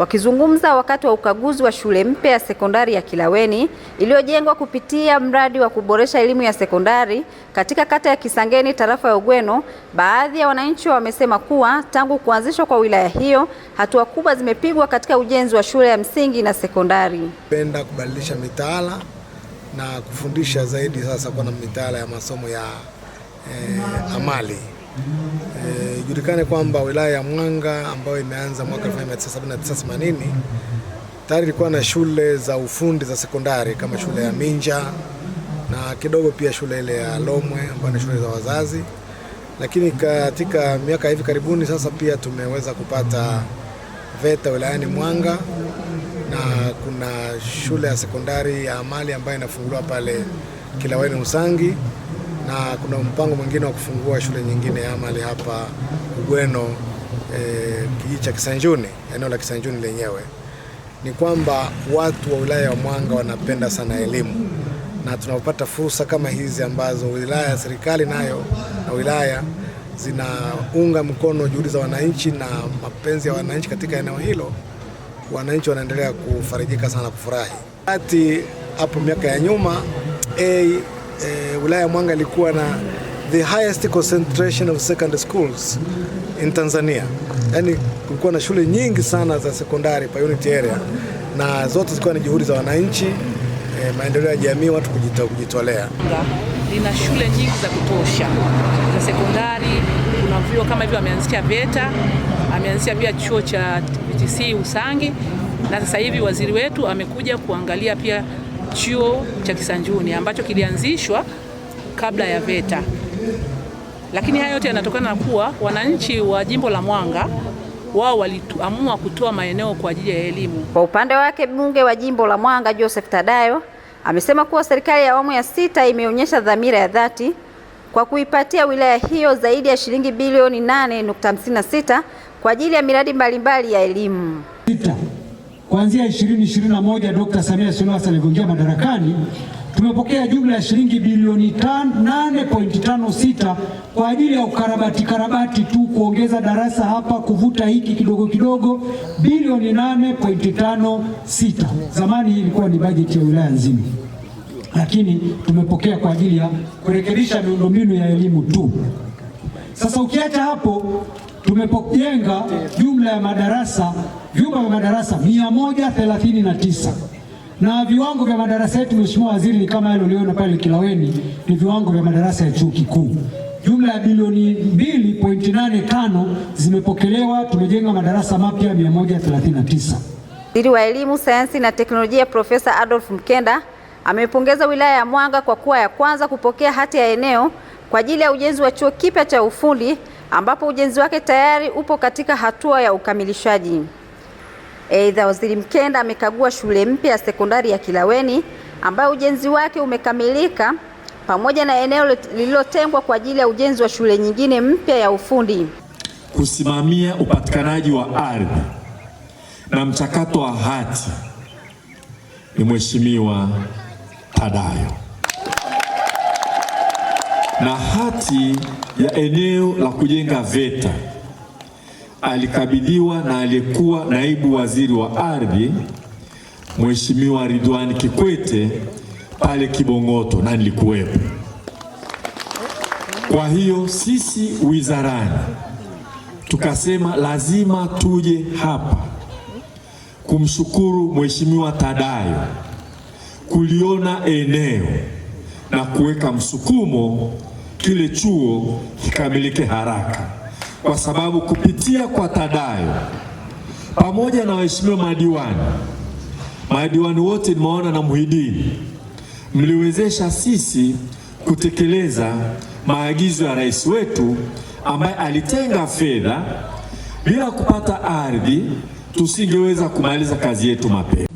Wakizungumza wakati wa ukaguzi wa shule mpya ya sekondari ya Kilaweni iliyojengwa kupitia mradi wa kuboresha elimu ya sekondari katika kata ya Kisangeni tarafa ya Ugweno, baadhi ya wananchi wamesema kuwa tangu kuanzishwa kwa wilaya hiyo hatua kubwa zimepigwa katika ujenzi wa shule ya msingi na sekondari. Penda kubadilisha mitaala na kufundisha zaidi sasa kwa mitaala ya masomo ya eh, amali. Eh, ijulikane e, kwamba wilaya ya Mwanga ambayo imeanza mwaka 1979 tayari ilikuwa na shule za ufundi za sekondari kama shule ya Minja na kidogo pia shule ile ya Lomwe ambayo ni shule za wazazi, lakini katika miaka hivi karibuni sasa pia tumeweza kupata VETA wilayani Mwanga na kuna shule ya sekondari ya amali ambayo inafunguliwa pale Kilaweni Usangi na kuna mpango mwingine wa kufungua shule nyingine ya amali hapa Ugweno e, kijiji cha Kisanjuni, eneo la Kisanjuni lenyewe. Ni kwamba watu wa wilaya ya Mwanga wanapenda sana elimu na tunapata fursa kama hizi ambazo wilaya serikali nayo na wilaya zinaunga mkono juhudi za wananchi na mapenzi ya wananchi katika eneo hilo, wananchi wanaendelea kufarijika sana, kufurahi. Kati hapo miaka ya nyuma A eh, wilaya ya Mwanga ilikuwa na the highest concentration of second schools in Tanzania. Yaani kulikuwa na shule nyingi sana za sekondari pa unit area na zote zilikuwa ni juhudi za wananchi eh, maendeleo ya jamii, watu kujitolea. Lina shule nyingi za kutosha za sekondari, kuna vyuo kama hivyo, ameanzisha VETA, ameanzisha pia chuo cha VTC Usangi, na sasa hivi waziri wetu amekuja kuangalia pia chuo cha Kisanjuni ambacho kilianzishwa kabla ya VETA, lakini haya yote yanatokana na kuwa wananchi wa jimbo la Mwanga wao waliamua kutoa maeneo kwa ajili ya elimu. Kwa upande wake, mbunge wa jimbo la Mwanga Joseph Tadayo amesema kuwa serikali ya awamu ya sita imeonyesha dhamira ya dhati kwa kuipatia wilaya hiyo zaidi ya shilingi bilioni 8.56 kwa ajili ya miradi mbalimbali ya elimu. Kuanzia 2021 Dr. Samia Suluhu Hassan alivyoingia madarakani, tumepokea jumla ya shilingi bilioni 8.56 kwa ajili ya ukarabati karabati tu, kuongeza darasa hapa, kuvuta hiki kidogo kidogo, bilioni 8.56. Zamani hii ilikuwa ni bajeti ya wilaya nzima, lakini tumepokea kwa ajili ya kurekebisha miundombinu ya elimu tu. Sasa ukiacha hapo, tumepojenga jumla ya madarasa vyumba vya madarasa 139 na viwango vya madarasa yetu, Mheshimiwa Waziri, ni kama yale uliona pale Kilaweni, ni viwango vya madarasa ya chuo kikuu. Jumla ya bilioni 2.85 zimepokelewa, tumejenga madarasa mapya 139. Waziri wa Elimu, Sayansi na Teknolojia Profesa Adolf Mkenda amepongeza wilaya ya Mwanga kwa kuwa ya kwanza kupokea hati ya eneo kwa ajili ya ujenzi wa chuo kipya cha ufundi ambapo ujenzi wake tayari upo katika hatua ya ukamilishaji. Aidha, Waziri Mkenda amekagua shule mpya ya sekondari ya Kilaweni ambayo ujenzi wake umekamilika pamoja na eneo lililotengwa kwa ajili ya ujenzi wa shule nyingine mpya ya ufundi. Kusimamia upatikanaji wa ardhi na mchakato wa hati ni Mheshimiwa Tadayo, na hati ya eneo la kujenga VETA alikabidhiwa na aliyekuwa naibu waziri wa ardhi Mheshimiwa Ridwan Kikwete pale Kibong'oto na nilikuwepo. Kwa hiyo sisi wizarani tukasema lazima tuje hapa kumshukuru Mheshimiwa Tadayo kuliona eneo na kuweka msukumo kile chuo kikamilike haraka kwa sababu kupitia kwa Tadayo pamoja na waheshimiwa madiwani madiwani wote nimeona na Muhidini mliwezesha sisi kutekeleza maagizo ya rais wetu ambaye alitenga fedha. Bila kupata ardhi tusingeweza kumaliza kazi yetu mapema.